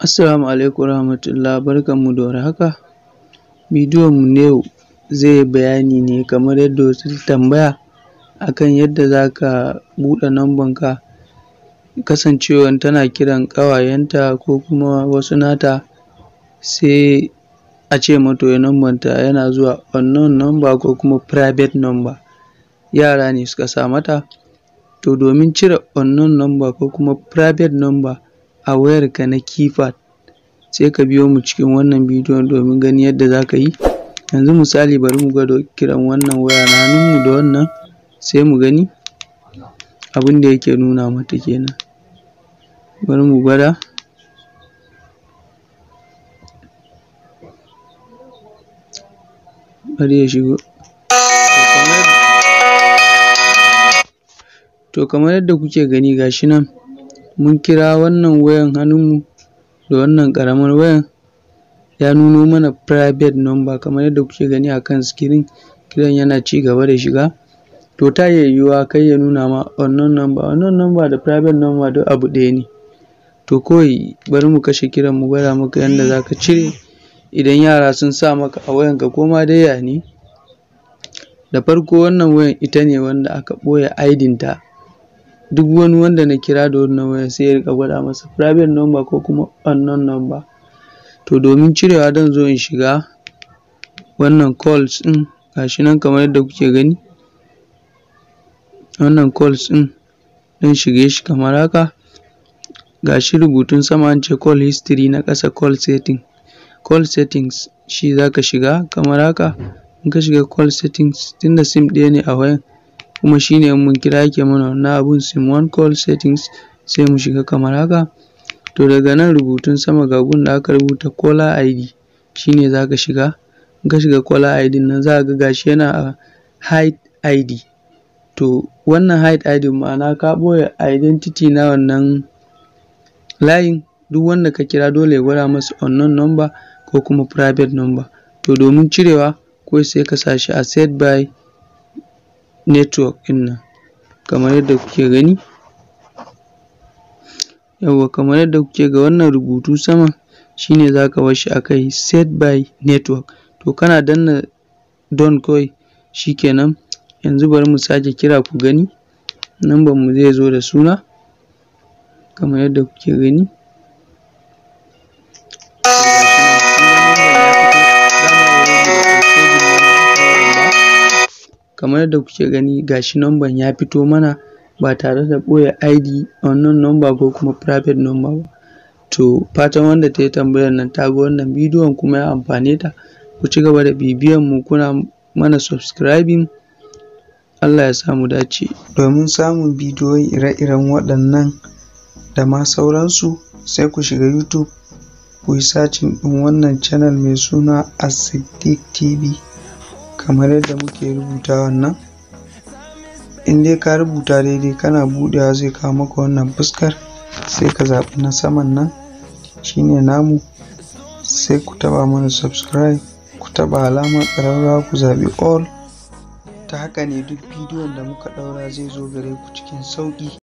Assalamu alaikum warahmatullah barkanmu da warhaka bidiyon na yau zai bayani ne kamar yadda wasu tambaya akan yadda za ka buɗe ka kasancewar tana kiran ƙawayenta ko kuma wasu nata sai a ce mato wai yana zuwa unknown number ko kuma private number yara ne suka sa mata to domin cire unknown number ko kuma private number a wayarka na keypad sai ka biyo mu cikin wannan bidiyon domin ganin yadda za ka yi yanzu misali bari mu gwada kiran wannan waya na hannunmu da wannan sai mu gani abin da yake nuna mata kenan bari mu gwada bari ya shigo to kamar yadda kuke gani gashi nan mun kira wannan wayan hannunmu da wannan ƙaramar wayan ya nuno mana private number kamar yadda kuke gani a kan screen kiran yana cigaba da shiga to ta iya yiwuwa kai ya nuna ma wannan number wannan number da private number duk abu ɗaya ne to kawai bari mu kashe kiran mu gwada maka yadda za ka cire idan yara sun sa maka a wayanka ko ma dai ya da farko wannan wayan ita ne wanda aka ɓoye aidin ta duk wani wanda na kira da wannan wayar sai ya riƙa gwada masa private number ko kuma unknown number to domin cirewa zan zo in shiga wannan calls ɗin gashi nan kamar yadda kuke gani wannan calls ɗin zan shige shi kamar haka gashi rubutun sama an ce call history na ƙasa call setting call settings shi zaka shiga kamar haka in ka shiga call settings tunda sim ɗaya ne a wayan kuma shine in mun kira yake mana wannan abun sim one call settings sai mu shiga kamar haka to daga nan rubutun sama ga gun da aka rubuta caller ID shine za ka shiga in ka shiga caller ID nan za ka ga gashi yana a hide ID to wannan hide ID ma'ana ka ɓoye identity na wannan layin duk wanda ka kira dole ya gwada masa unknown number ko kuma private number to domin cirewa kawai sai ka sa shi a set by network ɗin nan kamar yadda kuke gani yauwa kamar yadda kuke ga wannan rubutu saman shine zaka a kai set by network to kana danna done kawai kenan yanzu bari mu sake kira ku gani numbar mu zai zo da suna kamar yadda kuke gani kamar yadda kuke gani ga gashi numban ya fito mana ba tare da ɓoye ID wannan numba ko kuma private number ba to fatan wanda ta yi tambayar nan ta ga wannan bidiyon kuma ya amfane ta ku ci gaba da bibiyan mu kuna mana subscribing Allah ya sa mu dace domin samun bidiyoyi ire-iren waɗannan da ma sauransu sai ku shiga YouTube ku yi sacin ɗin wannan channel mai suna as TV. kamar yadda muke rubuta wannan inda ka rubuta daidai kana budewa zai kawo maka wannan fuskar sai ka zaɓi na saman nan shine namu sai ku taɓa mana subscribe ku taba alamar ƙararrawa ku zaɓi all ta haka ne duk bidiyon da muka ɗaura zai zo gare ku cikin sauƙi